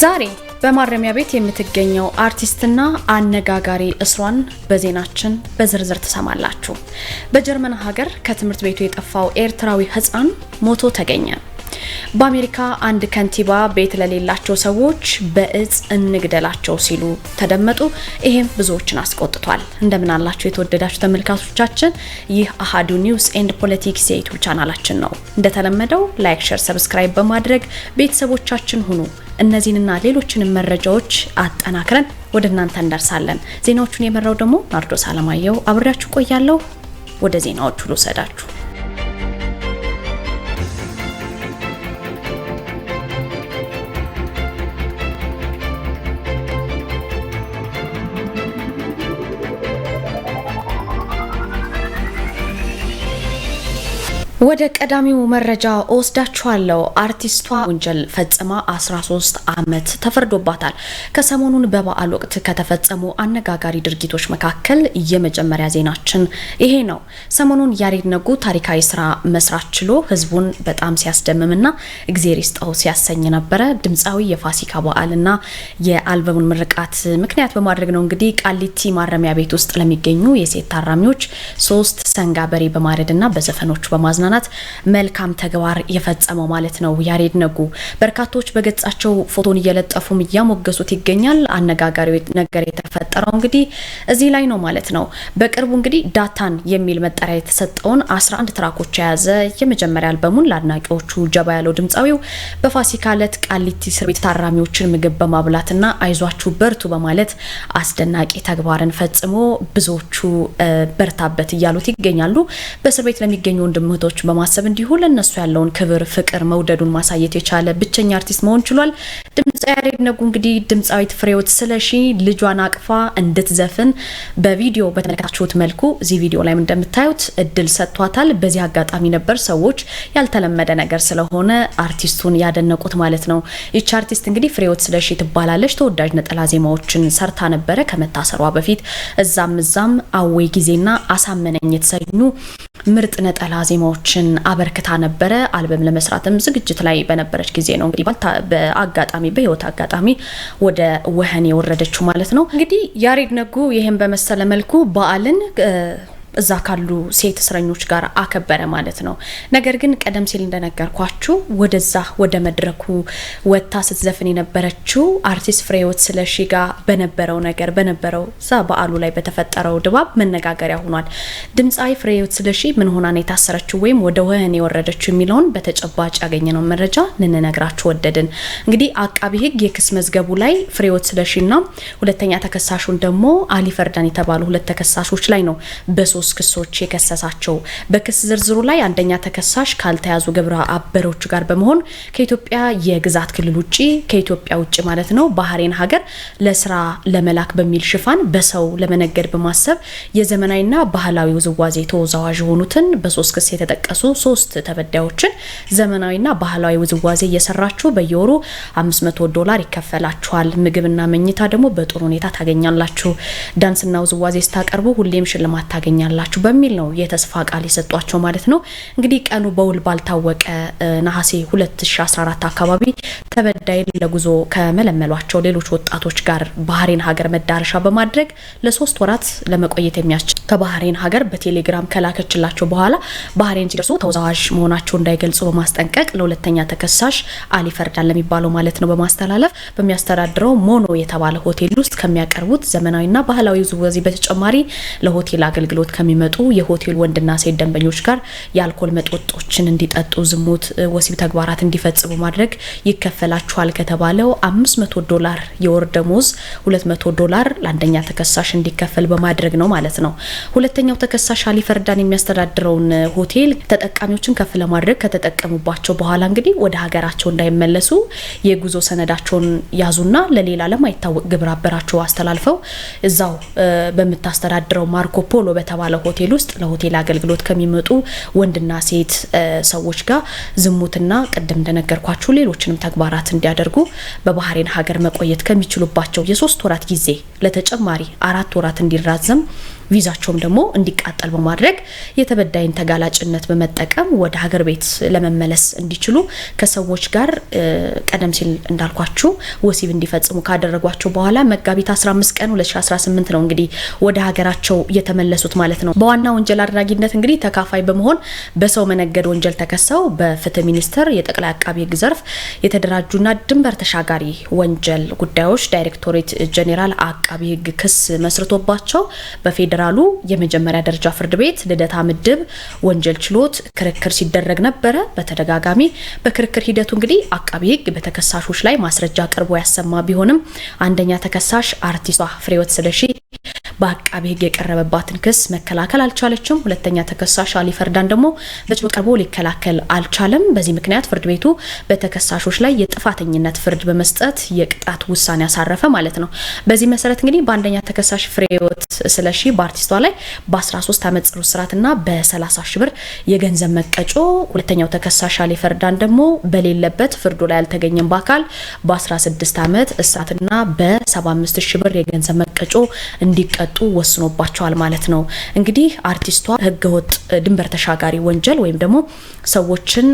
ዛሬ በማረሚያ ቤት የምትገኘው አርቲስትና አነጋጋሪ እስሯን በዜናችን በዝርዝር ትሰማላችሁ። በጀርመን ሀገር ከትምህርት ቤቱ የጠፋው ኤርትራዊ ሕፃን ሞቶ ተገኘ። በአሜሪካ አንድ ከንቲባ ቤት ለሌላቸው ሰዎች በእጽ እንግደላቸው ሲሉ ተደመጡ። ይህም ብዙዎችን አስቆጥቷል። እንደምን አላችሁ የተወደዳችሁ ተመልካቾቻችን፣ ይህ አሃዱ ኒውስ ኤንድ ፖለቲክስ የዩቱብ ቻናላችን ነው። እንደተለመደው ላይክ፣ ሸር፣ ሰብስክራይብ በማድረግ ቤተሰቦቻችን ሁኑ። እነዚህንና ሌሎችንም መረጃዎች አጠናክረን ወደ እናንተ እንደርሳለን። ዜናዎቹን የመራው ደግሞ ናርዶስ አለማየሁ አብሬያችሁ ቆያለሁ። ወደ ዜናዎቹ ልውሰዳችሁ። ወደ ቀዳሚው መረጃ እወስዳችኋለሁ። አርቲስቷ ወንጀል ፈጽማ 13 ዓመት ተፈርዶባታል። ከሰሞኑን በበዓል ወቅት ከተፈጸሙ አነጋጋሪ ድርጊቶች መካከል የመጀመሪያ ዜናችን ይሄ ነው። ሰሞኑን ያሬድ ነጉ ታሪካዊ ስራ መስራት ችሎ ህዝቡን በጣም ሲያስደምምና እግዜር ይስጠው ሲያሰኝ ነበረ። ድምፃዊ የፋሲካ በዓልና የአልበሙን ምርቃት ምክንያት በማድረግ ነው እንግዲህ ቃሊቲ ማረሚያ ቤት ውስጥ ለሚገኙ የሴት ታራሚዎች ሶስት ሰንጋ በሬ በማረድና በዘፈኖቹ በማዝናናት ህጻናት መልካም ተግባር የፈጸመው ማለት ነው ያሬድ ነጉ። በርካቶች በገጻቸው ፎቶን እየለጠፉም እያሞገሱት ይገኛል። አነጋጋሪው ነገር የተፈጠረው እንግዲህ እዚህ ላይ ነው ማለት ነው። በቅርቡ እንግዲህ ዳታን የሚል መጠሪያ የተሰጠውን 11 ትራኮች የያዘ የመጀመሪያ አልበሙን ለአድናቂዎቹ ጀባ ያለው ድምፃዊው በፋሲካ ዕለት ቃሊቲ እስር ቤት ታራሚዎችን ምግብ በማብላትና አይዟችሁ በርቱ በማለት አስደናቂ ተግባርን ፈጽሞ ብዙዎቹ በርታበት እያሉት ይገኛሉ። በእስር ቤት ለሚገኙ ወንድምህቶች በማሰብ እንዲሁ ለነሱ ያለውን ክብር፣ ፍቅር፣ መውደዱን ማሳየት የቻለ ብቸኛ አርቲስት መሆን ችሏል። ድምፃዊ ያሬድ ነጉ እንግዲህ ድምፃዊት ፍሬወት ስለሺ ልጇን አቅፋ እንድትዘፍን በቪዲዮ በተመለከታችሁት መልኩ እዚህ ቪዲዮ ላይም እንደምታዩት እድል ሰጥቷታል። በዚህ አጋጣሚ ነበር ሰዎች ያልተለመደ ነገር ስለሆነ አርቲስቱን ያደነቁት ማለት ነው። ይች አርቲስት እንግዲህ ፍሬወት ስለሺ ትባላለች። ተወዳጅ ነጠላ ዜማዎችን ሰርታ ነበረ ከመታሰሯ በፊት። እዛም እዛም አዌ ጊዜና አሳመነኝ የተሰኙ ምርጥ ነጠላ ዜማዎችን አበርክታ ነበረ። አልበም ለመስራትም ዝግጅት ላይ በነበረች ጊዜ ነው እንግዲህ በአጋጣሚ አጋጣሚ በህይወት አጋጣሚ ወደ ወህኒ የወረደችው ማለት ነው። እንግዲህ ያሬድ ነጉ ይህን በመሰለ መልኩ በዓልን እዛ ካሉ ሴት እስረኞች ጋር አከበረ ማለት ነው። ነገር ግን ቀደም ሲል እንደነገርኳችሁ ወደዛ ወደ መድረኩ ወታ ስትዘፍን የነበረችው አርቲስት ፍሬህይወት ስለሺ ጋር በነበረው ነገር በነበረው እዛ በዓሉ ላይ በተፈጠረው ድባብ መነጋገሪያ ሆኗል። ድምፃዊ ፍሬህይወት ስለሺ ምን ሆና ነው የታሰረችው ወይም ወደ ወህኒ የወረደችው የሚለውን በተጨባጭ ያገኘነው መረጃ ልንነግራችሁ ወደድን። እንግዲህ አቃቢ ህግ የክስ መዝገቡ ላይ ፍሬህይወት ስለሺና ሁለተኛ ተከሳሹን ደግሞ አሊ ፈርዳን የተባሉ ሁለት ተከሳሾች ላይ ነው በሶ በሶስት ክሶች የከሰሳቸው። በክስ ዝርዝሩ ላይ አንደኛ ተከሳሽ ካልተያዙ ግብረ አበሮች ጋር በመሆን ከኢትዮጵያ የግዛት ክልል ውጭ ከኢትዮጵያ ውጭ ማለት ነው ባህሬን ሀገር ለስራ ለመላክ በሚል ሽፋን በሰው ለመነገድ በማሰብ የዘመናዊና ባህላዊ ውዝዋዜ ተወዛዋዥ የሆኑትን በሶስት ክስ የተጠቀሱ ሶስት ተበዳዮችን ዘመናዊና ባህላዊ ውዝዋዜ እየሰራችሁ በየወሩ 500 ዶላር ይከፈላችኋል፣ ምግብና መኝታ ደግሞ በጥሩ ሁኔታ ታገኛላችሁ፣ ዳንስና ውዝዋዜ ስታቀርቡ ሁሌም ሽልማት ታገኛል ትሆናላችሁ በሚል ነው የተስፋ ቃል የሰጧቸው ማለት ነው። እንግዲህ ቀኑ በውል ባልታወቀ ነሐሴ 2014 አካባቢ ተበዳይን ለጉዞ ከመለመሏቸው ሌሎች ወጣቶች ጋር ባህሬን ሀገር መዳረሻ በማድረግ ለሶስት ወራት ለመቆየት የሚያስችል ከባህሬን ሀገር በቴሌግራም ከላከችላቸው በኋላ ባህሬን ሲደርሱ ተወዛዋዥ መሆናቸው እንዳይገልጹ በማስጠንቀቅ ለሁለተኛ ተከሳሽ አሊ ፈርዳን ለሚባለው ማለት ነው በማስተላለፍ በሚያስተዳድረው ሞኖ የተባለ ሆቴል ውስጥ ከሚያቀርቡት ዘመናዊና ባህላዊ ውዝዋዜ በተጨማሪ ለሆቴል አገልግሎት ከሚመጡ የሆቴል ወንድና ሴት ደንበኞች ጋር የአልኮል መጠጦችን እንዲጠጡ፣ ዝሙት፣ ወሲብ ተግባራት እንዲፈጽሙ ማድረግ ይከፈላችኋል ከተባለው 500 ዶላር የወር ደሞዝ 200 ዶላር ለአንደኛ ተከሳሽ እንዲከፈል በማድረግ ነው ማለት ነው። ሁለተኛው ተከሳሽ አሊ ፈርዳን የሚያስተዳድረውን ሆቴል ተጠቃሚዎችን ከፍ ለማድረግ ከተጠቀሙባቸው በኋላ እንግዲህ ወደ ሀገራቸው እንዳይመለሱ የጉዞ ሰነዳቸውን ያዙና ለሌላ ለማይታወቅ ግብረ አበራቸው አስተላልፈው እዛው በምታስተዳድረው ማርኮ ፖሎ በተባለ በተባለ ሆቴል ውስጥ ለሆቴል አገልግሎት ከሚመጡ ወንድና ሴት ሰዎች ጋር ዝሙትና ቅድም እንደነገርኳችሁ ሌሎችንም ተግባራት እንዲያደርጉ በባህሬን ሀገር መቆየት ከሚችሉባቸው የሶስት ወራት ጊዜ ለተጨማሪ አራት ወራት እንዲራዘም ቪዛቸውም ደግሞ እንዲቃጠል በማድረግ የተበዳይን ተጋላጭነት በመጠቀም ወደ ሀገር ቤት ለመመለስ እንዲችሉ ከሰዎች ጋር ቀደም ሲል እንዳልኳችሁ ወሲብ እንዲፈጽሙ ካደረጓቸው በኋላ መጋቢት 15 ቀን 2018 ነው እንግዲህ ወደ ሀገራቸው የተመለሱት ማለት ነው። በዋና ወንጀል አድራጊነት እንግዲህ ተካፋይ በመሆን በሰው መነገድ ወንጀል ተከሰው በፍትህ ሚኒስቴር የጠቅላይ አቃቢ ህግ ዘርፍ የተደራጁና ድንበር ተሻጋሪ ወንጀል ጉዳዮች ዳይሬክቶሬት ጄኔራል አቃቢ ህግ ክስ መስርቶባቸው በፌዴራል ፌዴራሉ የመጀመሪያ ደረጃ ፍርድ ቤት ልደታ ምድብ ወንጀል ችሎት ክርክር ሲደረግ ነበረ። በተደጋጋሚ በክርክር ሂደቱ እንግዲህ አቃቢ ሕግ በተከሳሾች ላይ ማስረጃ ቀርቦ ያሰማ ቢሆንም አንደኛ ተከሳሽ አርቲስቷ ፍሬወት ስለሺ በአቃቢ ህግ የቀረበባትን ክስ መከላከል አልቻለችም። ሁለተኛ ተከሳሽ አሊ ፈርዳን ደግሞ በችሎት ቀርቦ ሊከላከል አልቻለም። በዚህ ምክንያት ፍርድ ቤቱ በተከሳሾች ላይ የጥፋተኝነት ፍርድ በመስጠት የቅጣት ውሳኔ ያሳረፈ ማለት ነው። በዚህ መሰረት እንግዲህ በአንደኛ ተከሳሽ ፍሬህይወት ስለሺ በአርቲስቷ ላይ በ13 ዓመት ጽኑ እስራትና በ30 ሺ ብር የገንዘብ መቀጮ፣ ሁለተኛው ተከሳሽ አሊ ፈርዳን ደግሞ በሌለበት ፍርዱ ላይ ያልተገኘም በአካል በ16 ዓመት እስራትና በ75 ብር የገንዘብ መቀጮ እንዲቀጡ እንዲቀጡ ወስኖባቸዋል ማለት ነው። እንግዲህ አርቲስቷ ህገወጥ ድንበር ተሻጋሪ ወንጀል ወይም ደግሞ ሰዎችን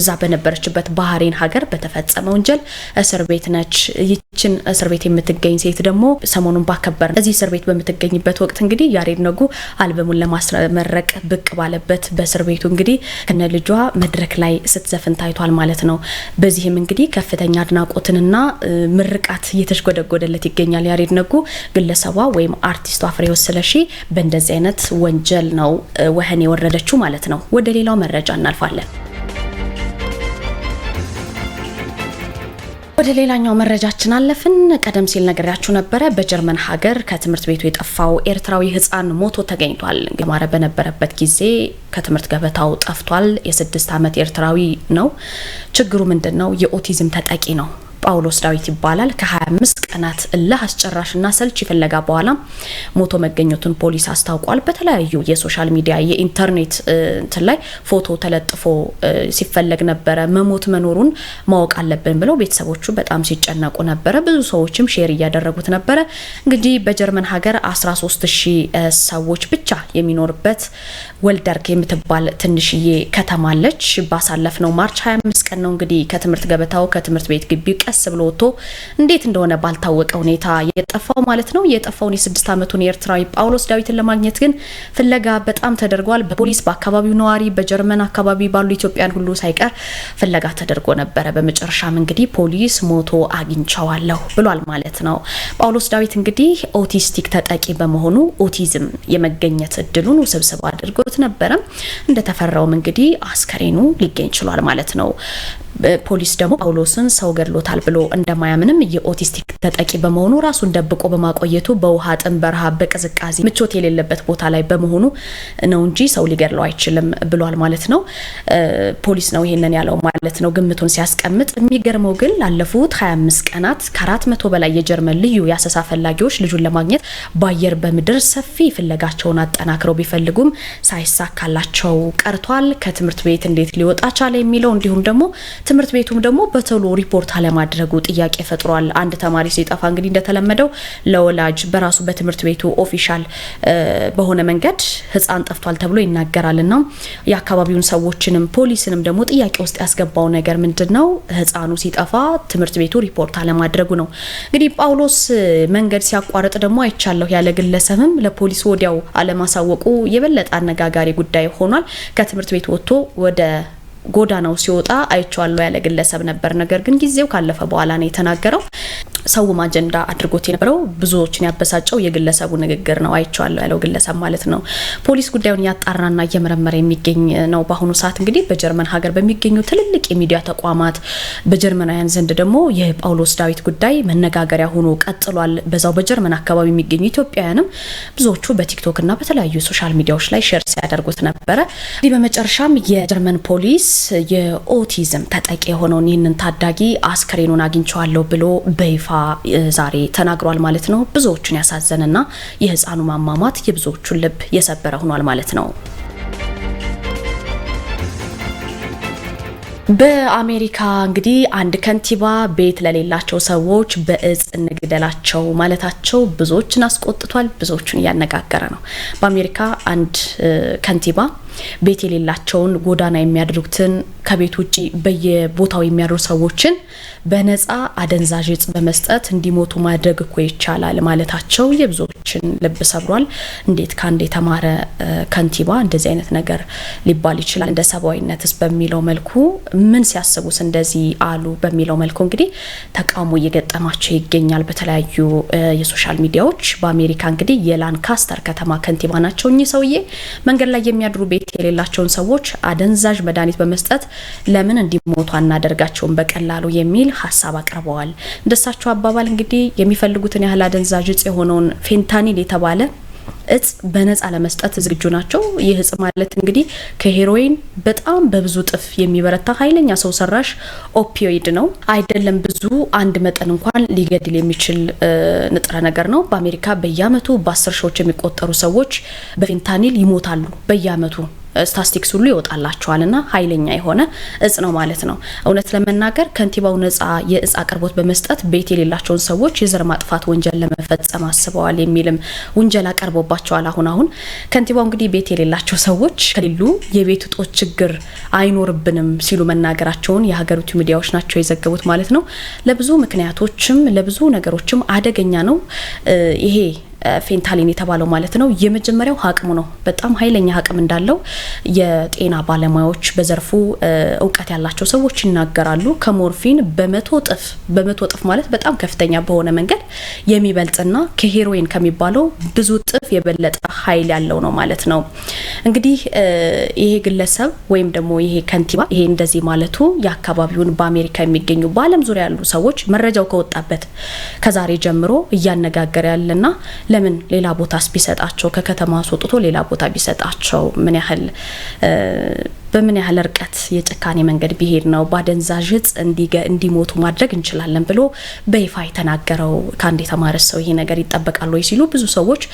እዛ በነበረችበት ባህሬን ሀገር በተፈጸመ ወንጀል እስር ቤት ነች። ይችን እስር ቤት የምትገኝ ሴት ደግሞ ሰሞኑን ባከበር እዚህ እስር ቤት በምትገኝበት ወቅት እንግዲህ ያሬድ ነጉ አልበሙን ለማስመረቅ ብቅ ባለበት በእስር ቤቱ እንግዲህ ከነ ልጇ መድረክ ላይ ስትዘፍን ታይቷል ማለት ነው። በዚህም እንግዲህ ከፍተኛ አድናቆትንና ምርቃት እየተሽጎደጎደለት ይገኛል። ያሬድ ነጉ ግለሰቧ ወይም አርቲስቷ አፍሬ ስለሺ በእንደዚህ አይነት ወንጀል ነው ወህን የወረደችው ማለት ነው። ወደ ሌላው መረጃ እናልፋለን። ወደ ሌላኛው መረጃችን አለፍን። ቀደም ሲል ነገሪያችሁ ነበረ። በጀርመን ሀገር ከትምህርት ቤቱ የጠፋው ኤርትራዊ ሕፃን ሞቶ ተገኝቷል። የማረ በነበረበት ጊዜ ከትምህርት ገበታው ጠፍቷል። የስድስት ዓመት ኤርትራዊ ነው። ችግሩ ምንድን ነው? የኦቲዝም ተጠቂ ነው። ጳውሎስ ዳዊት ይባላል። ከ25 ቀናት እልህ አስጨራሽና ሰልች ፍለጋ በኋላ ሞቶ መገኘቱን ፖሊስ አስታውቋል። በተለያዩ የሶሻል ሚዲያ የኢንተርኔት እንትን ላይ ፎቶ ተለጥፎ ሲፈለግ ነበረ። መሞት መኖሩን ማወቅ አለብን ብለው ቤተሰቦቹ በጣም ሲጨነቁ ነበረ። ብዙ ሰዎችም ሼር እያደረጉት ነበረ። እንግዲህ በጀርመን ሀገር 13 ሺ ሰዎች ብቻ የሚኖርበት ወልደርክ የምትባል ትንሽዬ ከተማ አለች። ነው ማርች 25 ቀን ነው እንግዲህ ከትምህርት ገበታው ከትምህርት ቤት ግቢ ቀስ ብሎ ወጥቶ እንዴት እንደሆነ ባልታወቀ ሁኔታ የጠፋው ማለት ነው። የጠፋውን የስድስት ዓመቱን የኤርትራዊ ጳውሎስ ዳዊትን ለማግኘት ግን ፍለጋ በጣም ተደርጓል። በፖሊስ በአካባቢው ነዋሪ፣ በጀርመን አካባቢ ባሉ ኢትዮጵያን ሁሉ ሳይቀር ፍለጋ ተደርጎ ነበረ። በመጨረሻም እንግዲህ ፖሊስ ሞቶ አግኝቸዋለሁ ብሏል ማለት ነው። ጳውሎስ ዳዊት እንግዲህ ኦቲስቲክ ተጠቂ በመሆኑ ኦቲዝም የመገኘት እድሉን ውስብስብ አድርጎት ነበረ። እንደተፈራውም እንግዲህ አስከሬኑ ሊገኝ ችሏል ማለት ነው። ፖሊስ ደግሞ ጳውሎስን ሰው ገድሎታል ብሎ እንደማያምንም የኦቲስቲክ ተጠቂ በመሆኑ ራሱን ደብቆ በማቆየቱ በውሃ ጥም፣ በረሃብ፣ በቅዝቃዜ ምቾት የሌለበት ቦታ ላይ በመሆኑ ነው እንጂ ሰው ሊገድለው አይችልም ብሏል ማለት ነው። ፖሊስ ነው ይሄንን ያለው ማለት ነው ግምቱን ሲያስቀምጥ። የሚገርመው ግን ላለፉት 25 ቀናት ከአራት መቶ በላይ የጀርመን ልዩ የአሰሳ ፈላጊዎች ልጁን ለማግኘት በአየር በምድር ሰፊ ፍለጋቸውን አጠናክረው ቢፈልጉም ሳይሳካላቸው ቀርቷል። ከትምህርት ቤት እንዴት ሊወጣ ቻለ የሚለው እንዲሁም ደግሞ ትምህርት ቤቱም ደግሞ በቶሎ ሪፖርት አለማድረጉ ጥያቄ ፈጥሯል። አንድ ተማሪ ሲጠፋ እንግዲህ እንደተለመደው ለወላጅ በራሱ በትምህርት ቤቱ ኦፊሻል በሆነ መንገድ ህፃን ጠፍቷል ተብሎ ይናገራል እና የአካባቢውን ሰዎችንም ፖሊስንም ደግሞ ጥያቄ ውስጥ ያስገባው ነገር ምንድን ነው? ህፃኑ ሲጠፋ ትምህርት ቤቱ ሪፖርት አለማድረጉ ነው። እንግዲህ ጳውሎስ መንገድ ሲያቋርጥ ደግሞ አይቻለሁ ያለ ግለሰብም ለፖሊስ ወዲያው አለማሳወቁ የበለጠ አነጋጋሪ ጉዳይ ሆኗል። ከትምህርት ቤት ወጥቶ ወደ ጎዳናው ሲወጣ አይቼዋለሁ ያለ ግለሰብ ነበር። ነገር ግን ጊዜው ካለፈ በኋላ ነው የተናገረው። ሰውም አጀንዳ አድርጎት የነበረው ብዙዎችን ያበሳጨው የግለሰቡ ንግግር ነው። አይቼዋለሁ ያለው ግለሰብ ማለት ነው። ፖሊስ ጉዳዩን እያጣራና እየመረመረ የሚገኝ ነው። በአሁኑ ሰዓት እንግዲህ በጀርመን ሀገር በሚገኙ ትልልቅ የሚዲያ ተቋማት፣ በጀርመናውያን ዘንድ ደግሞ የጳውሎስ ዳዊት ጉዳይ መነጋገሪያ ሆኖ ቀጥሏል። በዛው በጀርመን አካባቢ የሚገኙ ኢትዮጵያውያንም ብዙዎቹ በቲክቶክ እና በተለያዩ ሶሻል ሚዲያዎች ላይ ሼር ሲያደርጉት ነበረ። በመጨረሻም የጀርመን ፖሊስ የኦቲዝም ተጠቂ የሆነውን ይህንን ታዳጊ አስክሬኑን አግኝቸዋለሁ ብሎ በይፋ ዛሬ ተናግሯል ማለት ነው። ብዙዎቹን ያሳዘንና የህፃኑ ማማማት የብዙዎቹን ልብ የሰበረ ሆኗል ማለት ነው። በአሜሪካ እንግዲህ አንድ ከንቲባ ቤት ለሌላቸው ሰዎች በእጽ እንግደላቸው ማለታቸው ብዙዎችን አስቆጥቷል፣ ብዙዎችን እያነጋገረ ነው። በአሜሪካ አንድ ከንቲባ ቤት የሌላቸውን ጎዳና የሚያደርጉትን ከቤት ውጭ በየቦታው የሚያድሩ ሰዎችን በነፃ አደንዛዥ እጽ በመስጠት እንዲሞቱ ማድረግ እኮ ይቻላል ማለታቸው የብዙዎችን ልብ ሰብሯል። እንዴት ከአንድ የተማረ ከንቲባ እንደዚህ አይነት ነገር ሊባል ይችላል? እንደ ሰብአዊነትስ በሚለው መልኩ ምን ሲያስቡስ እንደዚህ አሉ በሚለው መልኩ እንግዲህ ተቃውሞ እየገጠማቸው ይገኛል በተለያዩ የሶሻል ሚዲያዎች። በአሜሪካ እንግዲህ የላንካስተር ከተማ ከንቲባ ናቸው እኚህ ሰውዬ መንገድ ላይ የሚያድሩ ቤት ባለቤት የሌላቸውን ሰዎች አደንዛዥ መድኃኒት በመስጠት ለምን እንዲሞቱ አናደርጋቸውን በቀላሉ የሚል ሀሳብ አቅርበዋል። እንደሳቸው አባባል እንግዲህ የሚፈልጉትን ያህል አደንዛዥ እጽ የሆነውን ፌንታኒል የተባለ እጽ በነፃ ለመስጠት ዝግጁ ናቸው። ይህ እጽ ማለት እንግዲህ ከሄሮይን በጣም በብዙ ጥፍ የሚበረታ ኃይለኛ ሰው ሰራሽ ኦፒዮይድ ነው። አይደለም ብዙ አንድ መጠን እንኳን ሊገድል የሚችል ንጥረ ነገር ነው። በአሜሪካ በየአመቱ በአስር ሺዎች የሚቆጠሩ ሰዎች በፌንታኒል ይሞታሉ በየአመቱ ስታስቲክስ ሁሉ ይወጣላቸዋል እና ኃይለኛ የሆነ እጽ ነው ማለት ነው። እውነት ለመናገር ከንቲባው ነጻ የእጽ አቅርቦት በመስጠት ቤት የሌላቸውን ሰዎች የዘር ማጥፋት ወንጀል ለመፈጸም አስበዋል የሚልም ውንጀላ ቀርቦባቸው ይገባቸዋል። አሁን አሁን ከንቲባው እንግዲህ ቤት የሌላቸው ሰዎች ከሌሉ የቤት እጦት ችግር አይኖርብንም ሲሉ መናገራቸውን የሀገሪቱ ሚዲያዎች ናቸው የዘገቡት ማለት ነው። ለብዙ ምክንያቶችም ለብዙ ነገሮችም አደገኛ ነው ይሄ ፌንታሊን የተባለው ማለት ነው። የመጀመሪያው ሀቅሙ ነው። በጣም ኃይለኛ ሀቅም እንዳለው የጤና ባለሙያዎች በዘርፉ እውቀት ያላቸው ሰዎች ይናገራሉ። ከሞርፊን በመቶ እጥፍ በመቶ እጥፍ ማለት በጣም ከፍተኛ በሆነ መንገድ የሚበልጥና ከሄሮይን ከሚባለው ብዙ እጥፍ የበለጠ ኃይል ያለው ነው ማለት ነው። እንግዲህ ይሄ ግለሰብ ወይም ደግሞ ይሄ ከንቲባ ይሄ እንደዚህ ማለቱ የአካባቢውን በአሜሪካ የሚገኙ በዓለም ዙሪያ ያሉ ሰዎች መረጃው ከወጣበት ከዛሬ ጀምሮ እያነጋገረ ያለና ለምን ሌላ ቦታስ ቢሰጣቸው ከከተማ አስወጥቶ ሌላ ቦታ ቢሰጣቸው ምን ያህል በምን ያህል እርቀት የጭካኔ መንገድ ቢሄድ ነው በአደንዛዥ እጽ እንዲሞቱ ማድረግ እንችላለን ብሎ በይፋ የተናገረው ከአንድ የተማረ ሰው ይሄ ነገር ይጠበቃል ወይ ሲሉ ብዙ ሰዎች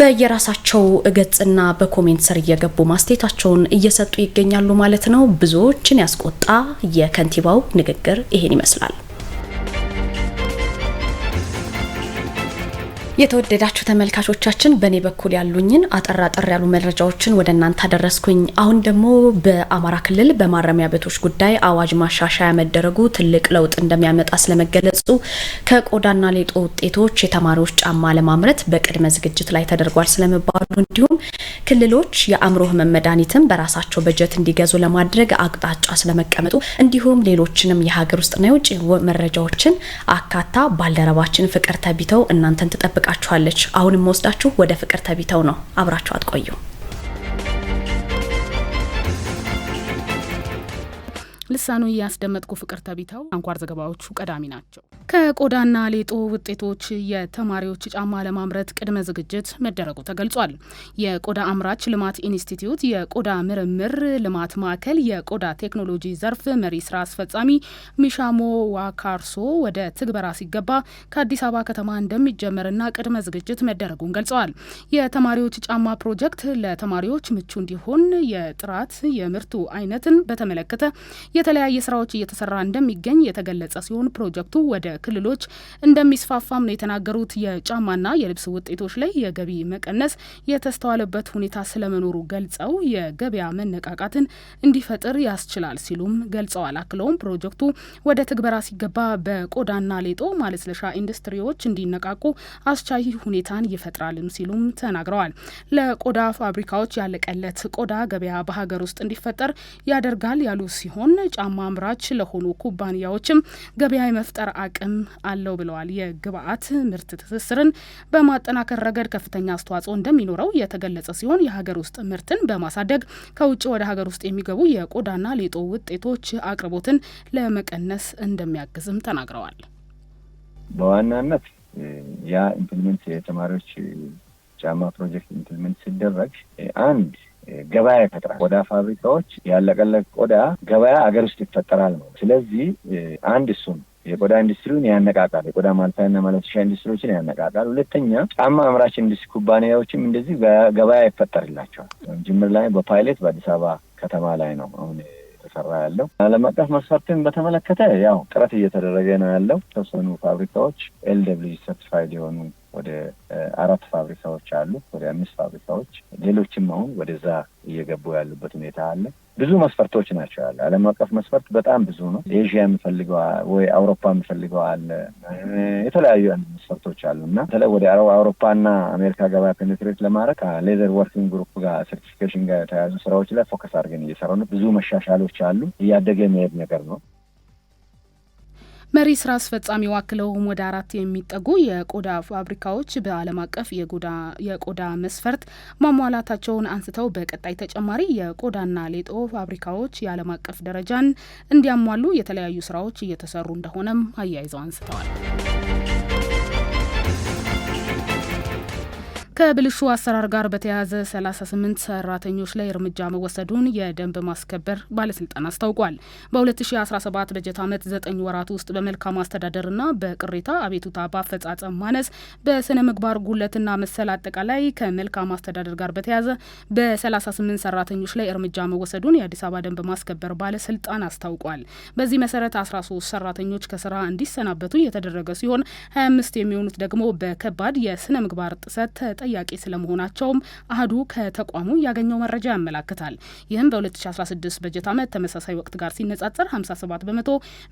በየራሳቸው ገጽና በኮሜንት ስር እየገቡ ማስተያየታቸውን እየሰጡ ይገኛሉ ማለት ነው። ብዙዎችን ያስቆጣ የከንቲባው ንግግር ይሄን ይመስላል። የተወደዳችሁ ተመልካቾቻችን በእኔ በኩል ያሉኝን አጠር ያሉ መረጃዎችን ወደ እናንተ አደረስኩኝ። አሁን ደግሞ በአማራ ክልል በማረሚያ ቤቶች ጉዳይ አዋጅ ማሻሻያ መደረጉ ትልቅ ለውጥ እንደሚያመጣ ስለመገለጹ፣ ከቆዳና ሌጦ ውጤቶች የተማሪዎች ጫማ ለማምረት በቅድመ ዝግጅት ላይ ተደርጓል ስለመባሉ፣ እንዲሁም ክልሎች የአእምሮ ህመም መድኃኒትን በራሳቸው በጀት እንዲገዙ ለማድረግ አቅጣጫ ስለመቀመጡ፣ እንዲሁም ሌሎችንም የሀገር ውስጥና የውጭ መረጃዎችን አካታ ባልደረባችን ፍቅር ተቢተው እናንተን ትጠብቃል። ታስታርቃችኋለች። አሁንም ወስዳችሁ ወደ ፍቅር ተቢተው ነው። አብራችሁ አትቆዩ። ልሳኑ እያስደመጥኩ ፍቅር ተቢተው አንኳር ዘገባዎቹ ቀዳሚ ናቸው። ከቆዳና ሌጦ ውጤቶች የተማሪዎች ጫማ ለማምረት ቅድመ ዝግጅት መደረጉ ተገልጿል። የቆዳ አምራች ልማት ኢንስቲትዩት የቆዳ ምርምር ልማት ማዕከል የቆዳ ቴክኖሎጂ ዘርፍ መሪ ስራ አስፈጻሚ ሚሻሞ ዋካርሶ ወደ ትግበራ ሲገባ ከአዲስ አበባ ከተማ እንደሚጀመርና ቅድመ ዝግጅት መደረጉን ገልጸዋል። የተማሪዎች ጫማ ፕሮጀክት ለተማሪዎች ምቹ እንዲሆን የጥራት የምርቱ አይነትን በተመለከተ የተለያየ ስራዎች እየተሰራ እንደሚገኝ የተገለጸ ሲሆን ፕሮጀክቱ ወደ ክልሎች እንደሚስፋፋም ነው የተናገሩት። የጫማና የልብስ ውጤቶች ላይ የገቢ መቀነስ የተስተዋለበት ሁኔታ ስለመኖሩ ገልጸው የገበያ መነቃቃትን እንዲፈጥር ያስችላል ሲሉም ገልጸዋል። አክለውም ፕሮጀክቱ ወደ ትግበራ ሲገባ በቆዳና ሌጦ ማለስለሻ ኢንዱስትሪዎች እንዲነቃቁ አስቻይ ሁኔታን ይፈጥራልም ሲሉም ተናግረዋል። ለቆዳ ፋብሪካዎች ያለቀለት ቆዳ ገበያ በሀገር ውስጥ እንዲፈጠር ያደርጋል ያሉ ሲሆን ጫማ አምራች ለሆኑ ኩባንያዎችም ገበያ የመፍጠር አቅም አለው ብለዋል። የግብአት ምርት ትስስርን በማጠናከር ረገድ ከፍተኛ አስተዋጽኦ እንደሚኖረው የተገለጸ ሲሆን የሀገር ውስጥ ምርትን በማሳደግ ከውጭ ወደ ሀገር ውስጥ የሚገቡ የቆዳና ሌጦ ውጤቶች አቅርቦትን ለመቀነስ እንደሚያግዝም ተናግረዋል። በዋናነት ያ ኢምፕልመንት የተማሪዎች ጫማ ፕሮጀክት ኢምፕልመንት ሲደረግ አንድ ገበያ ይፈጥራል። ቆዳ ፋብሪካዎች ያለቀለቅ ቆዳ ገበያ አገር ውስጥ ይፈጠራል ነው። ስለዚህ አንድ እሱም የቆዳ ኢንዱስትሪውን ያነቃቃል። የቆዳ ማልፊያና ማለትሻ ኢንዱስትሪዎችን ያነቃቃል። ሁለተኛ ጫማ አምራች ኢንዱስትሪ ኩባንያዎችም እንደዚህ ገበያ ይፈጠርላቸዋል። ጅምር ላይ በፓይለት በአዲስ አበባ ከተማ ላይ ነው አሁን የተሰራ ያለው። ዓለም አቀፍ መስፈርትን በተመለከተ ያው ጥረት እየተደረገ ነው ያለው። የተወሰኑ ፋብሪካዎች ኤልደብሊ ሰርቲፋይድ የሆኑ ወደ አራት ፋብሪካዎች አሉ፣ ወደ አምስት ፋብሪካዎች ሌሎችም አሁን ወደዛ እየገቡ ያሉበት ሁኔታ አለ። ብዙ መስፈርቶች ናቸው ያለ ዓለም አቀፍ መስፈርት በጣም ብዙ ነው። ኤዥያ የምፈልገው ወይ አውሮፓ የምፈልገው አለ። የተለያዩ መስፈርቶች አሉ እና በተለይ ወደ አውሮፓና አሜሪካ ገበያ ፔኔትሬት ለማድረግ ሌዘር ወርኪንግ ግሩፕ ጋር ሰርቲፊኬሽን ጋር የተያያዙ ስራዎች ላይ ፎከስ አድርገን እየሰራ ነው። ብዙ መሻሻሎች አሉ። እያደገ መሄድ ነገር ነው። መሪ ስራ አስፈጻሚው አክለውም ወደ አራት የሚጠጉ የቆዳ ፋብሪካዎች በዓለም አቀፍ የቆዳ መስፈርት ማሟላታቸውን አንስተው በቀጣይ ተጨማሪ የቆዳና ሌጦ ፋብሪካዎች የዓለም አቀፍ ደረጃን እንዲያሟሉ የተለያዩ ስራዎች እየተሰሩ እንደሆነም አያይዘው አንስተዋል። ከብልሹ አሰራር ጋር በተያያዘ 38 ሰራተኞች ላይ እርምጃ መወሰዱን የደንብ ማስከበር ባለስልጣን አስታውቋል። በ2017 በጀት ዓመት ዘጠኝ ወራት ውስጥ በመልካም አስተዳደርና በቅሬታ አቤቱታ በአፈጻጸም ማነስ በስነ ምግባር ጉለትና መሰል አጠቃላይ ከመልካም አስተዳደር ጋር በተያያዘ በ38 ሰራተኞች ላይ እርምጃ መወሰዱን የአዲስ አበባ ደንብ ማስከበር ባለስልጣን አስታውቋል። በዚህ መሰረት 13 ሰራተኞች ከስራ እንዲሰናበቱ የተደረገ ሲሆን 25 የሚሆኑት ደግሞ በከባድ የስነ ምግባር ጥሰት ተጠያቂ ስለመሆናቸውም አህዱ ከተቋሙ ያገኘው መረጃ ያመላክታል። ይህም በ2016 በጀት ዓመት ተመሳሳይ ወቅት ጋር ሲነጻጸር 57 በመቶ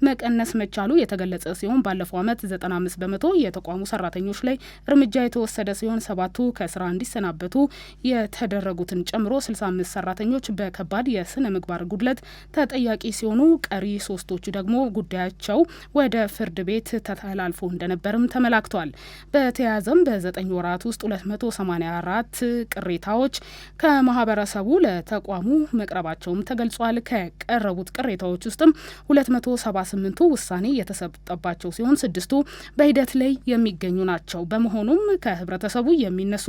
መቀነስ መቻሉ የተገለጸ ሲሆን ባለፈው ዓመት 95 በመቶ የተቋሙ ሰራተኞች ላይ እርምጃ የተወሰደ ሲሆን ሰባቱ ከስራ እንዲሰናበቱ የተደረጉትን ጨምሮ 65 ሰራተኞች በከባድ የስነ ምግባር ጉድለት ተጠያቂ ሲሆኑ ቀሪ ሶስቶቹ ደግሞ ጉዳያቸው ወደ ፍርድ ቤት ተላልፎ እንደነበርም ተመላክቷል። በተያያዘም በዘጠኝ ወራት ውስጥ ሁለት 184 ቅሬታዎች ከማህበረሰቡ ለተቋሙ መቅረባቸውም ተገልጿል። ከቀረቡት ቅሬታዎች ውስጥም 278ቱ ውሳኔ የተሰጠባቸው ሲሆን ስድስቱ በሂደት ላይ የሚገኙ ናቸው። በመሆኑም ከህብረተሰቡ የሚነሱ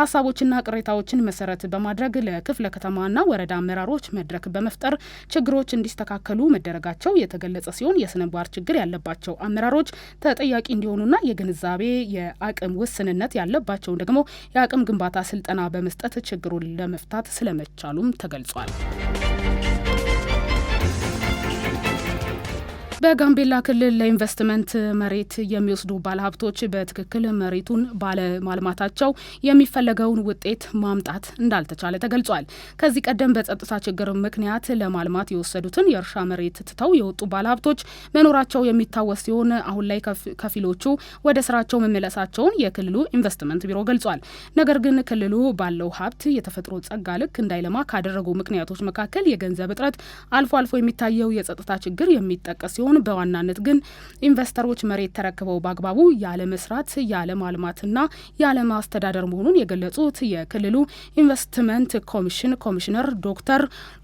ሀሳቦችና ቅሬታዎችን መሰረት በማድረግ ለክፍለ ከተማና ወረዳ አመራሮች መድረክ በመፍጠር ችግሮች እንዲስተካከሉ መደረጋቸው የተገለጸ ሲሆን የስነ ምግባር ችግር ያለባቸው አመራሮች ተጠያቂ እንዲሆኑና የግንዛቤ የአቅም ውስንነት ያለባቸውን ደግሞ የአቅም ግንባታ ስልጠና በመስጠት ችግሩን ለመፍታት ስለመቻሉም ተገልጿል። በጋምቤላ ክልል ለኢንቨስትመንት መሬት የሚወስዱ ባለሀብቶች በትክክል መሬቱን ባለማልማታቸው የሚፈለገውን ውጤት ማምጣት እንዳልተቻለ ተገልጿል። ከዚህ ቀደም በጸጥታ ችግር ምክንያት ለማልማት የወሰዱትን የእርሻ መሬት ትተው የወጡ ባለሀብቶች መኖራቸው የሚታወስ ሲሆን አሁን ላይ ከፊሎቹ ወደ ስራቸው መመለሳቸውን የክልሉ ኢንቨስትመንት ቢሮ ገልጿል። ነገር ግን ክልሉ ባለው ሀብት የተፈጥሮ ጸጋ ልክ እንዳይለማ ካደረጉ ምክንያቶች መካከል የገንዘብ እጥረት፣ አልፎ አልፎ የሚታየው የጸጥታ ችግር የሚጠቀስ ሲሆን ሲሆን በዋናነት ግን ኢንቨስተሮች መሬት ተረክበው በአግባቡ ያለመስራት ያለማልማትና ያለማስተዳደር መሆኑን የገለጹት የክልሉ ኢንቨስትመንት ኮሚሽን ኮሚሽነር ዶክተር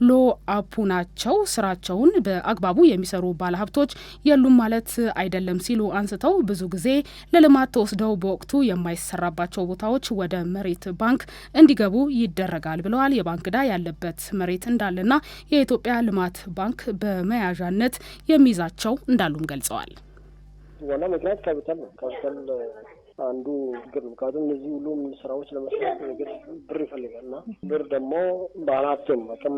ሎ አፑ ናቸው። ስራቸውን በአግባቡ የሚሰሩ ባለሀብቶች የሉም ማለት አይደለም ሲሉ አንስተው ብዙ ጊዜ ለልማት ተወስደው በወቅቱ የማይሰራባቸው ቦታዎች ወደ መሬት ባንክ እንዲገቡ ይደረጋል ብለዋል። የባንክ ዕዳ ያለበት መሬት እንዳለና የኢትዮጵያ ልማት ባንክ በመያዣነት የሚይዛቸው ናቸው እንዳሉም ገልጸዋል። ዋና ምክንያት ካፒታል ነው። ካፒታል አንዱ ችግር ምክንያቱም እነዚህ ሁሉም ስራዎች ለመስራት ብር ይፈልጋል እና ብር ደግሞ ባለሀብትም አቅም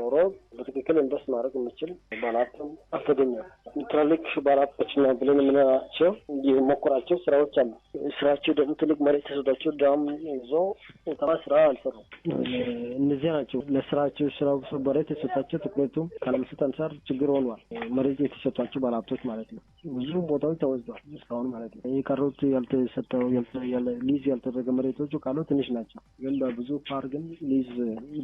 ኖሮ በትክክል ኢንቨስት ማድረግ የሚችል ባለሀብትም አልተገኘም። ትላልቅ ባላቶች ና ብለን የምንላቸው የሞከራቸው ስራዎች አሉ። ስራቸው ደግሞ ትልቅ መሬት ተሰዷቸው ዳም ይዞ ተራ ስራ አልሰሩ እነዚያ ናቸው ለስራቸው ስራ መሬት የተሰጣቸው ትኩረቱ ከለምስት አንጻር ችግር ሆኗል። መሬት የተሰጧቸው ባላቶች ማለት ነው። ብዙ ቦታዎች ተወስዷል እስካሁን ማለት ነው። የቀሩት ያልተ የሰጠው ሊዝ ያልተደረገ መሬቶቹ ካሉ ትንሽ ናቸው። ግን በብዙ ፓር ግን ሊዝ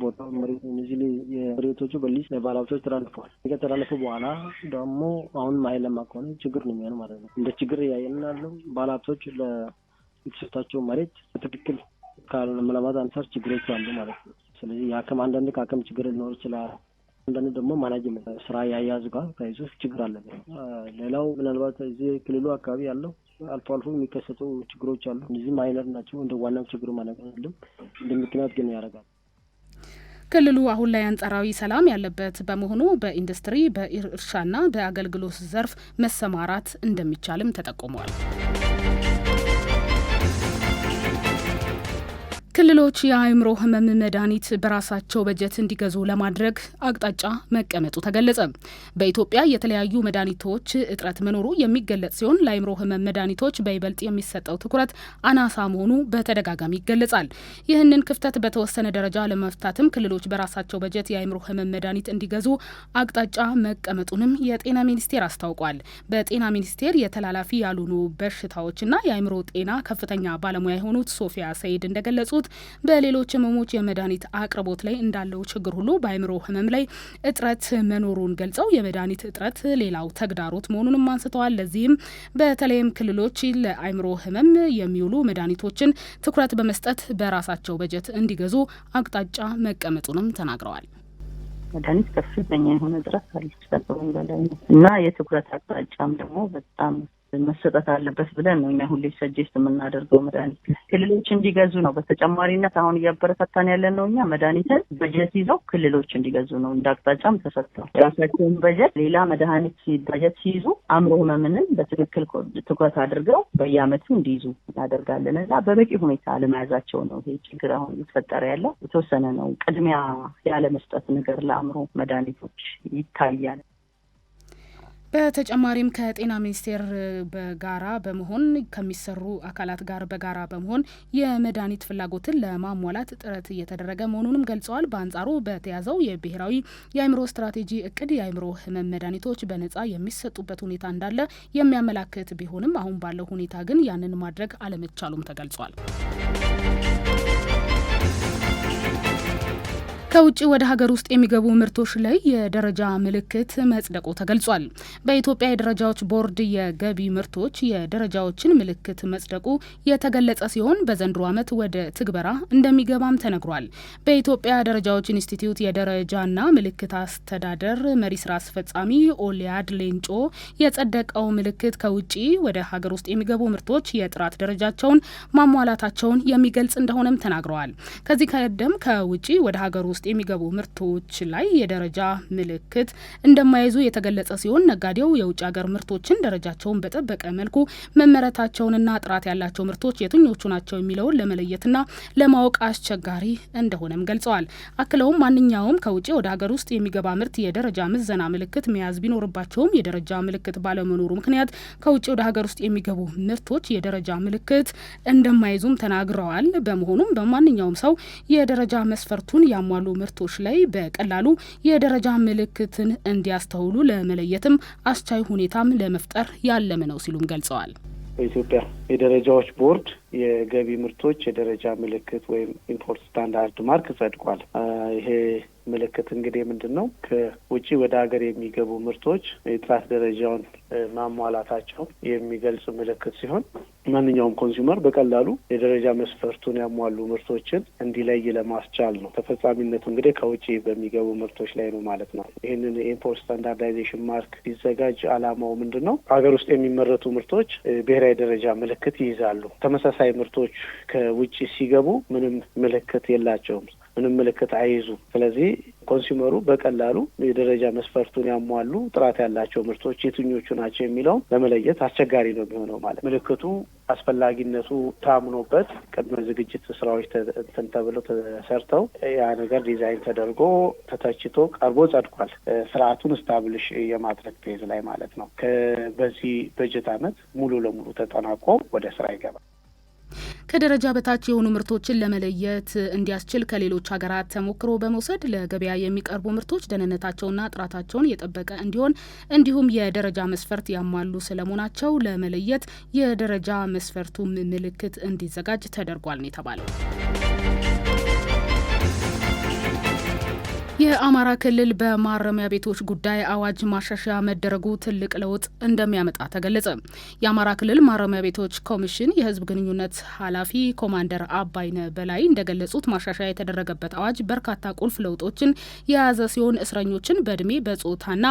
ቦታ መሬቶቹ በሊዝ ለባለሀብቶች ተላልፈዋል። ከተላለፉ በኋላ ደግሞ አሁን ማይለማ ከሆነ ችግር ነው የሚሆን ማለት ነው። እንደ ችግር እያየናለው ባለሀብቶች ለተሰጣቸው መሬት በትክክል ካለመለማት አንሳር ችግሮች አሉ ማለት ነው። ስለዚህ የአቅም አንዳንድ ከአቅም ችግር ሊኖር ይችላል። አንዳንድ ደግሞ ማናጅመንት ስራ ያያዝ ጋር ተይዞ ችግር አለ። ሌላው ምናልባት እዚህ ክልሉ አካባቢ ያለው አልፎ አልፎ የሚከሰቱ ችግሮች አሉ። እነዚህ ማይነር ናቸው። እንደ ዋናው ችግር ማለት አይደለም። እንደ ምክንያት ግን ያደርጋል። ክልሉ አሁን ላይ አንጻራዊ ሰላም ያለበት በመሆኑ በኢንዱስትሪ በእርሻና በአገልግሎት ዘርፍ መሰማራት እንደሚቻልም ተጠቁሟል። ክልሎች የአእምሮ ህመም መድኃኒት በራሳቸው በጀት እንዲገዙ ለማድረግ አቅጣጫ መቀመጡ ተገለጸ። በኢትዮጵያ የተለያዩ መድኃኒቶች እጥረት መኖሩ የሚገለጽ ሲሆን ለአእምሮ ህመም መድኃኒቶች በይበልጥ የሚሰጠው ትኩረት አናሳ መሆኑ በተደጋጋሚ ይገለጻል። ይህንን ክፍተት በተወሰነ ደረጃ ለመፍታትም ክልሎች በራሳቸው በጀት የአእምሮ ህመም መድኃኒት እንዲገዙ አቅጣጫ መቀመጡንም የጤና ሚኒስቴር አስታውቋል። በጤና ሚኒስቴር የተላላፊ ያልሆኑ በሽታዎችና የአእምሮ ጤና ከፍተኛ ባለሙያ የሆኑት ሶፊያ ሰይድ እንደገለጹት በሌሎች ህመሞች የመድኃኒት አቅርቦት ላይ እንዳለው ችግር ሁሉ በአእምሮ ህመም ላይ እጥረት መኖሩን ገልጸው የመድኃኒት እጥረት ሌላው ተግዳሮት መሆኑንም አንስተዋል። ለዚህም በተለይም ክልሎች ለአእምሮ ህመም የሚውሉ መድኃኒቶችን ትኩረት በመስጠት በራሳቸው በጀት እንዲገዙ አቅጣጫ መቀመጡንም ተናግረዋል። መድኃኒት ከፍተኛ የሆነ እጥረት አለ እና የትኩረት አቅጣጫም ደግሞ በጣም መሰጠት አለበት ብለን ነው እኛ ሁሌ ሰጀስት የምናደርገው መድኃኒት ክልሎች እንዲገዙ ነው። በተጨማሪነት አሁን እያበረታታን ያለ ነው እኛ መድኃኒትን በጀት ይዘው ክልሎች እንዲገዙ ነው። እንደ አቅጣጫም ተሰጥተው የራሳቸውን በጀት ሌላ መድኃኒት በጀት ሲይዙ አእምሮ ህመምንም በትክክል ትኩረት አድርገው በየአመቱ እንዲይዙ እናደርጋለን እና በበቂ ሁኔታ አለመያዛቸው ነው ይሄ ችግር አሁን እየተፈጠረ ያለው የተወሰነ ነው። ቅድሚያ ያለመስጠት ነገር ለአእምሮ መድኃኒቶች ይታያል። በተጨማሪም ከጤና ሚኒስቴር በጋራ በመሆን ከሚሰሩ አካላት ጋር በጋራ በመሆን የመድኃኒት ፍላጎትን ለማሟላት ጥረት እየተደረገ መሆኑንም ገልጸዋል። በአንጻሩ በተያዘው የብሔራዊ የአእምሮ ስትራቴጂ እቅድ የአእምሮ ህመም መድኃኒቶች በነጻ የሚሰጡበት ሁኔታ እንዳለ የሚያመላክት ቢሆንም አሁን ባለው ሁኔታ ግን ያንን ማድረግ አለመቻሉም ተገልጿል። ከውጭ ወደ ሀገር ውስጥ የሚገቡ ምርቶች ላይ የደረጃ ምልክት መጽደቁ ተገልጿል። በኢትዮጵያ የደረጃዎች ቦርድ የገቢ ምርቶች የደረጃዎችን ምልክት መጽደቁ የተገለጸ ሲሆን በዘንድሮ ዓመት ወደ ትግበራ እንደሚገባም ተነግሯል። በኢትዮጵያ ደረጃዎች ኢንስቲትዩት የደረጃና ምልክት አስተዳደር መሪ ስራ አስፈጻሚ ኦሊያድ ሌንጮ የጸደቀው ምልክት ከውጭ ወደ ሀገር ውስጥ የሚገቡ ምርቶች የጥራት ደረጃቸውን ማሟላታቸውን የሚገልጽ እንደሆነም ተናግረዋል። ከዚህ ቀደም ከውጭ ወደ ሀገር ውስጥ የሚገቡ ምርቶች ላይ የደረጃ ምልክት እንደማይዙ የተገለጸ ሲሆን ነጋዴው የውጭ ሀገር ምርቶችን ደረጃቸውን በጠበቀ መልኩ መመረታቸውንና ጥራት ያላቸው ምርቶች የትኞቹ ናቸው የሚለውን ለመለየትና ለማወቅ አስቸጋሪ እንደሆነም ገልጸዋል። አክለውም ማንኛውም ከውጭ ወደ ሀገር ውስጥ የሚገባ ምርት የደረጃ ምዘና ምልክት መያዝ ቢኖርባቸውም የደረጃ ምልክት ባለመኖሩ ምክንያት ከውጭ ወደ ሀገር ውስጥ የሚገቡ ምርቶች የደረጃ ምልክት እንደማይዙም ተናግረዋል። በመሆኑም በማንኛውም ሰው የደረጃ መስፈርቱን ያሟሉ ምርቶች ላይ በቀላሉ የደረጃ ምልክትን እንዲያስተውሉ ለመለየትም አስቻይ ሁኔታም ለመፍጠር ያለመ ነው ሲሉም ገልጸዋል። በኢትዮጵያ የደረጃዎች ቦርድ የገቢ ምርቶች የደረጃ ምልክት ወይም ኢምፖርት ስታንዳርድ ማርክ ጸድቋል። ይሄ ምልክት እንግዲህ ምንድን ነው? ከውጭ ወደ ሀገር የሚገቡ ምርቶች የጥራት ደረጃውን ማሟላታቸው የሚገልጽ ምልክት ሲሆን ማንኛውም ኮንሱመር በቀላሉ የደረጃ መስፈርቱን ያሟሉ ምርቶችን እንዲለይ ለማስቻል ነው። ተፈጻሚነቱ እንግዲህ ከውጭ በሚገቡ ምርቶች ላይ ነው ማለት ነው። ይህንን የኢምፖርት ስታንዳርዳይዜሽን ማርክ ሲዘጋጅ አላማው ምንድን ነው? ሀገር ውስጥ የሚመረቱ ምርቶች ብሔራዊ ደረጃ ምልክት ይይዛሉ። ተመሳሳይ ተመሳሳይ ምርቶች ከውጭ ሲገቡ ምንም ምልክት የላቸውም፣ ምንም ምልክት አይይዙም። ስለዚህ ኮንሱመሩ በቀላሉ የደረጃ መስፈርቱን ያሟሉ ጥራት ያላቸው ምርቶች የትኞቹ ናቸው የሚለውን ለመለየት አስቸጋሪ ነው የሚሆነው። ማለት ምልክቱ አስፈላጊነቱ ታምኖበት ቅድመ ዝግጅት ስራዎች እንትን ተብለው ተሰርተው ያ ነገር ዲዛይን ተደርጎ ተተችቶ ቀርቦ ጸድቋል። ስርዓቱን እስታብልሽ የማድረግ ፌዝ ላይ ማለት ነው። በዚህ በጀት ዓመት ሙሉ ለሙሉ ተጠናቆ ወደ ስራ ይገባል። ከደረጃ በታች የሆኑ ምርቶችን ለመለየት እንዲያስችል ከሌሎች ሀገራት ተሞክሮ በመውሰድ ለገበያ የሚቀርቡ ምርቶች ደህንነታቸውና ጥራታቸውን የጠበቀ እንዲሆን እንዲሁም የደረጃ መስፈርት ያሟሉ ስለመሆናቸው ለመለየት የደረጃ መስፈርቱ ምልክት እንዲዘጋጅ ተደርጓል ነው የተባለው። የአማራ ክልል በማረሚያ ቤቶች ጉዳይ አዋጅ ማሻሻያ መደረጉ ትልቅ ለውጥ እንደሚያመጣ ተገለጸ። የአማራ ክልል ማረሚያ ቤቶች ኮሚሽን የህዝብ ግንኙነት ኃላፊ ኮማንደር አባይነ በላይ እንደገለጹት ማሻሻያ የተደረገበት አዋጅ በርካታ ቁልፍ ለውጦችን የያዘ ሲሆን እስረኞችን በእድሜ በጾታና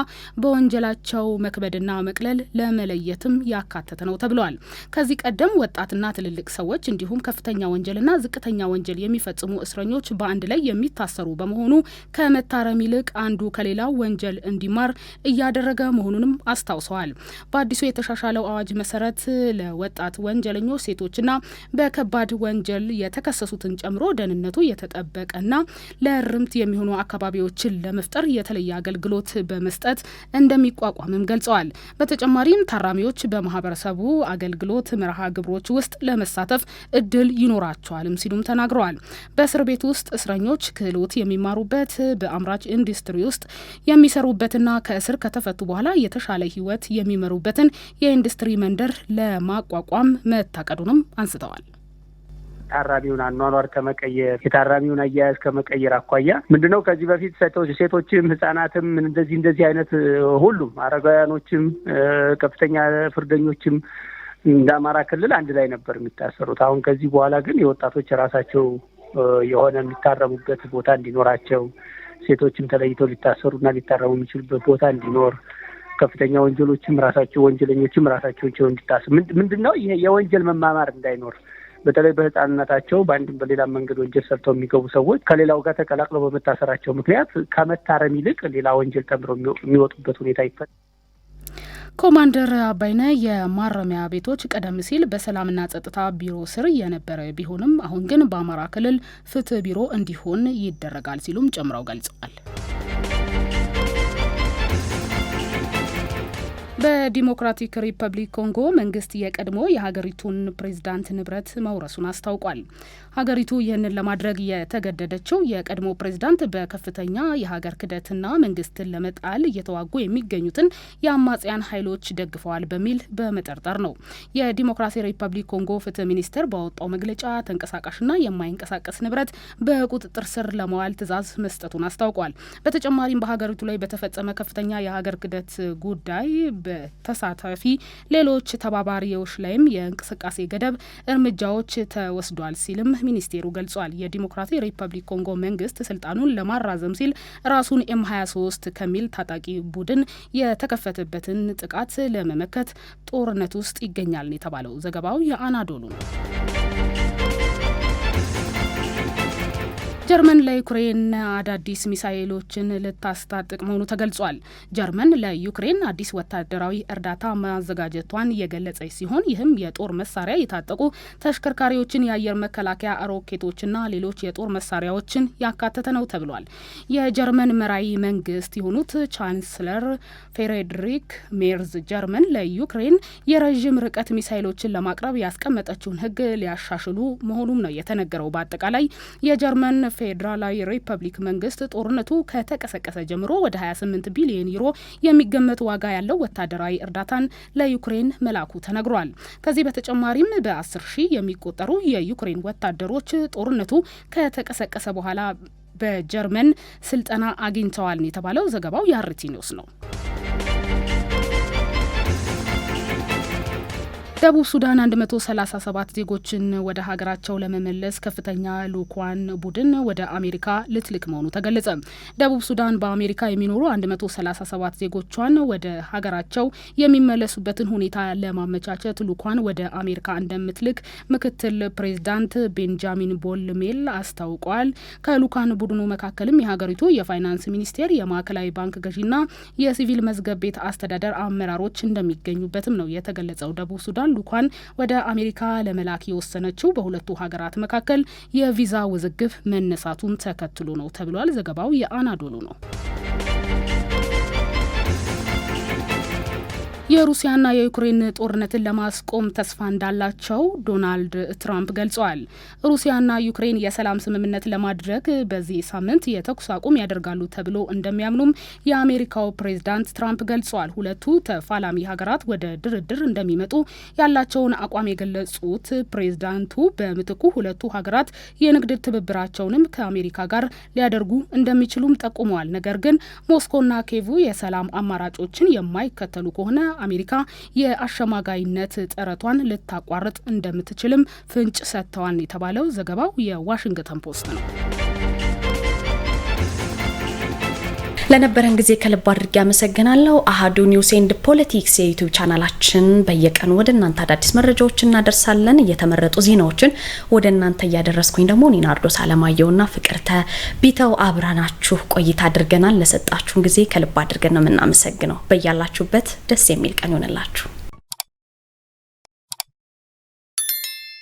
በወንጀላቸው መክበድና መቅለል ለመለየትም ያካተተ ነው ተብለዋል። ከዚህ ቀደም ወጣትና ትልልቅ ሰዎች እንዲሁም ከፍተኛ ወንጀልና ዝቅተኛ ወንጀል የሚፈጽሙ እስረኞች በአንድ ላይ የሚታሰሩ በመሆኑ ከመ ከመታረም ይልቅ አንዱ ከሌላው ወንጀል እንዲማር እያደረገ መሆኑንም አስታውሰዋል። በአዲሱ የተሻሻለው አዋጅ መሰረት ለወጣት ወንጀለኞች ሴቶችና በከባድ ወንጀል የተከሰሱትን ጨምሮ ደህንነቱ የተጠበቀና ለእርምት የሚሆኑ አካባቢዎችን ለመፍጠር የተለየ አገልግሎት በመስጠት እንደሚቋቋምም ገልጸዋል። በተጨማሪም ታራሚዎች በማህበረሰቡ አገልግሎት መርሃ ግብሮች ውስጥ ለመሳተፍ እድል ይኖራቸዋልም ሲሉም ተናግረዋል። በእስር ቤት ውስጥ እስረኞች ክህሎት የሚማሩበት በ በአምራች ኢንዱስትሪ ውስጥ የሚሰሩበትና ከእስር ከተፈቱ በኋላ የተሻለ ህይወት የሚመሩበትን የኢንዱስትሪ መንደር ለማቋቋም መታቀዱንም አንስተዋል። ታራሚውን አኗኗር ከመቀየር የታራሚውን አያያዝ ከመቀየር አኳያ ምንድነው ከዚህ በፊት ሴቶችም ህጻናትም እንደዚህ እንደዚህ አይነት ሁሉም አረጋውያኖችም ከፍተኛ ፍርደኞችም እንደ አማራ ክልል አንድ ላይ ነበር የሚታሰሩት። አሁን ከዚህ በኋላ ግን የወጣቶች ራሳቸው የሆነ የሚታረሙበት ቦታ እንዲኖራቸው ሴቶችም ተለይተው ሊታሰሩና ሊታረሙ የሚችሉበት ቦታ እንዲኖር ከፍተኛ ወንጀሎችም ራሳቸው ወንጀለኞችም ራሳቸውን ችለው እንዲታሰሩ ምንድን ነው ይሄ የወንጀል መማማር እንዳይኖር በተለይ በህፃንነታቸው በአንድም በሌላ መንገድ ወንጀል ሰርተው የሚገቡ ሰዎች ከሌላው ጋር ተቀላቅለው በመታሰራቸው ምክንያት ከመታረም ይልቅ ሌላ ወንጀል ተምረው የሚወጡበት ሁኔታ ይፈጠራል። ኮማንደር አባይነ የማረሚያ ቤቶች ቀደም ሲል በሰላምና ጸጥታ ቢሮ ስር የነበረ ቢሆንም አሁን ግን በአማራ ክልል ፍትህ ቢሮ እንዲሆን ይደረጋል ሲሉም ጨምረው ገልጸዋል። በዲሞክራቲክ ሪፐብሊክ ኮንጎ መንግስት የቀድሞ የሀገሪቱን ፕሬዝዳንት ንብረት መውረሱን አስታውቋል። ሀገሪቱ ይህንን ለማድረግ የተገደደችው የቀድሞ ፕሬዝዳንት በከፍተኛ የሀገር ክደትና መንግስትን ለመጣል እየተዋጉ የሚገኙትን የአማጽያን ኃይሎች ደግፈዋል በሚል በመጠርጠር ነው። የዲሞክራሲ ሪፐብሊክ ኮንጎ ፍትህ ሚኒስቴር ባወጣው መግለጫ ተንቀሳቃሽና የማይንቀሳቀስ ንብረት በቁጥጥር ስር ለመዋል ትዕዛዝ መስጠቱን አስታውቋል። በተጨማሪም በሀገሪቱ ላይ በተፈጸመ ከፍተኛ የሀገር ክደት ጉዳይ በተሳታፊ ሌሎች ተባባሪዎች ላይም የእንቅስቃሴ ገደብ እርምጃዎች ተወስዷል ሲልም ሚኒስቴሩ ገልጿል። የዲሞክራሲ ሪፐብሊክ ኮንጎ መንግስት ስልጣኑን ለማራዘም ሲል ራሱን ኤም 23 ከሚል ታጣቂ ቡድን የተከፈተበትን ጥቃት ለመመከት ጦርነት ውስጥ ይገኛል የተባለው ዘገባው የአናዶሉ ነው። ጀርመን ለዩክሬን አዳዲስ ሚሳኤሎችን ልታስታጥቅ መሆኑ ተገልጿል። ጀርመን ለዩክሬን አዲስ ወታደራዊ እርዳታ ማዘጋጀቷን የገለጸች ሲሆን ይህም የጦር መሳሪያ የታጠቁ ተሽከርካሪዎችን፣ የአየር መከላከያ ሮኬቶችና ሌሎች የጦር መሳሪያዎችን ያካተተ ነው ተብሏል። የጀርመን መራይ መንግስት የሆኑት ቻንስለር ፍሬድሪክ ሜርዝ ጀርመን ለዩክሬን የረዥም ርቀት ሚሳኤሎችን ለማቅረብ ያስቀመጠችውን ህግ ሊያሻሽሉ መሆኑም ነው የተነገረው። በአጠቃላይ የጀርመን ፌዴራላዊ ሪፐብሊክ መንግስት ጦርነቱ ከተቀሰቀሰ ጀምሮ ወደ 28 ቢሊዮን ዩሮ የሚገመት ዋጋ ያለው ወታደራዊ እርዳታን ለዩክሬን መላኩ ተነግሯል። ከዚህ በተጨማሪም በ10 ሺህ የሚቆጠሩ የዩክሬን ወታደሮች ጦርነቱ ከተቀሰቀሰ በኋላ በጀርመን ስልጠና አግኝተዋል የተባለው ዘገባው የአርቲ ኒውስ ነው። ደቡብ ሱዳን 137 ዜጎችን ወደ ሀገራቸው ለመመለስ ከፍተኛ ልኡኳን ቡድን ወደ አሜሪካ ልትልክ መሆኑ ተገለጸ። ደቡብ ሱዳን በአሜሪካ የሚኖሩ 137 ዜጎቿን ወደ ሀገራቸው የሚመለሱበትን ሁኔታ ለማመቻቸት ልኡኳን ወደ አሜሪካ እንደምትልክ ምክትል ፕሬዚዳንት ቤንጃሚን ቦል ሜል አስታውቋል። ከልኡካን ቡድኑ መካከልም የሀገሪቱ የፋይናንስ ሚኒስቴር፣ የማዕከላዊ ባንክ ገዢና የሲቪል መዝገብ ቤት አስተዳደር አመራሮች እንደሚገኙበትም ነው የተገለጸው። ደቡብ ሱዳን አውሮፕላን ልኡኳን ወደ አሜሪካ ለመላክ የወሰነችው በሁለቱ ሀገራት መካከል የቪዛ ውዝግብ መነሳቱን ተከትሎ ነው ተብሏል። ዘገባው የአናዶሉ ነው። የሩሲያና የዩክሬን ጦርነትን ለማስቆም ተስፋ እንዳላቸው ዶናልድ ትራምፕ ገልጸዋል። ሩሲያና ዩክሬን የሰላም ስምምነት ለማድረግ በዚህ ሳምንት የተኩስ አቁም ያደርጋሉ ተብሎ እንደሚያምኑም የአሜሪካው ፕሬዝዳንት ትራምፕ ገልጸዋል። ሁለቱ ተፋላሚ ሀገራት ወደ ድርድር እንደሚመጡ ያላቸውን አቋም የገለጹት ፕሬዝዳንቱ በምትኩ ሁለቱ ሀገራት የንግድ ትብብራቸውንም ከአሜሪካ ጋር ሊያደርጉ እንደሚችሉም ጠቁመዋል። ነገር ግን ሞስኮና ኬቭ የሰላም አማራጮችን የማይከተሉ ከሆነ አሜሪካ የአሸማጋይነት ጥረቷን ልታቋርጥ እንደምትችልም ፍንጭ ሰጥተዋል የተባለው ዘገባው የዋሽንግተን ፖስት ነው። ለነበረን ጊዜ ከልብ አድርጌ አመሰግናለሁ። አሀዱ ኒውስ ኤንድ ፖለቲክስ የዩቲዩብ ቻናላችን በየቀኑ ወደ እናንተ አዳዲስ መረጃዎች እናደርሳለን። እየተመረጡ ዜናዎችን ወደ እናንተ እያደረስኩኝ ደግሞ ኒናርዶስ አለማየሁና ፍቅርተ ቢተው አብራናችሁ ቆይታ አድርገናል። ለሰጣችሁን ጊዜ ከልብ አድርገን ነው የምናመሰግነው። በያላችሁበት ደስ የሚል ቀን ይሆንላችሁ።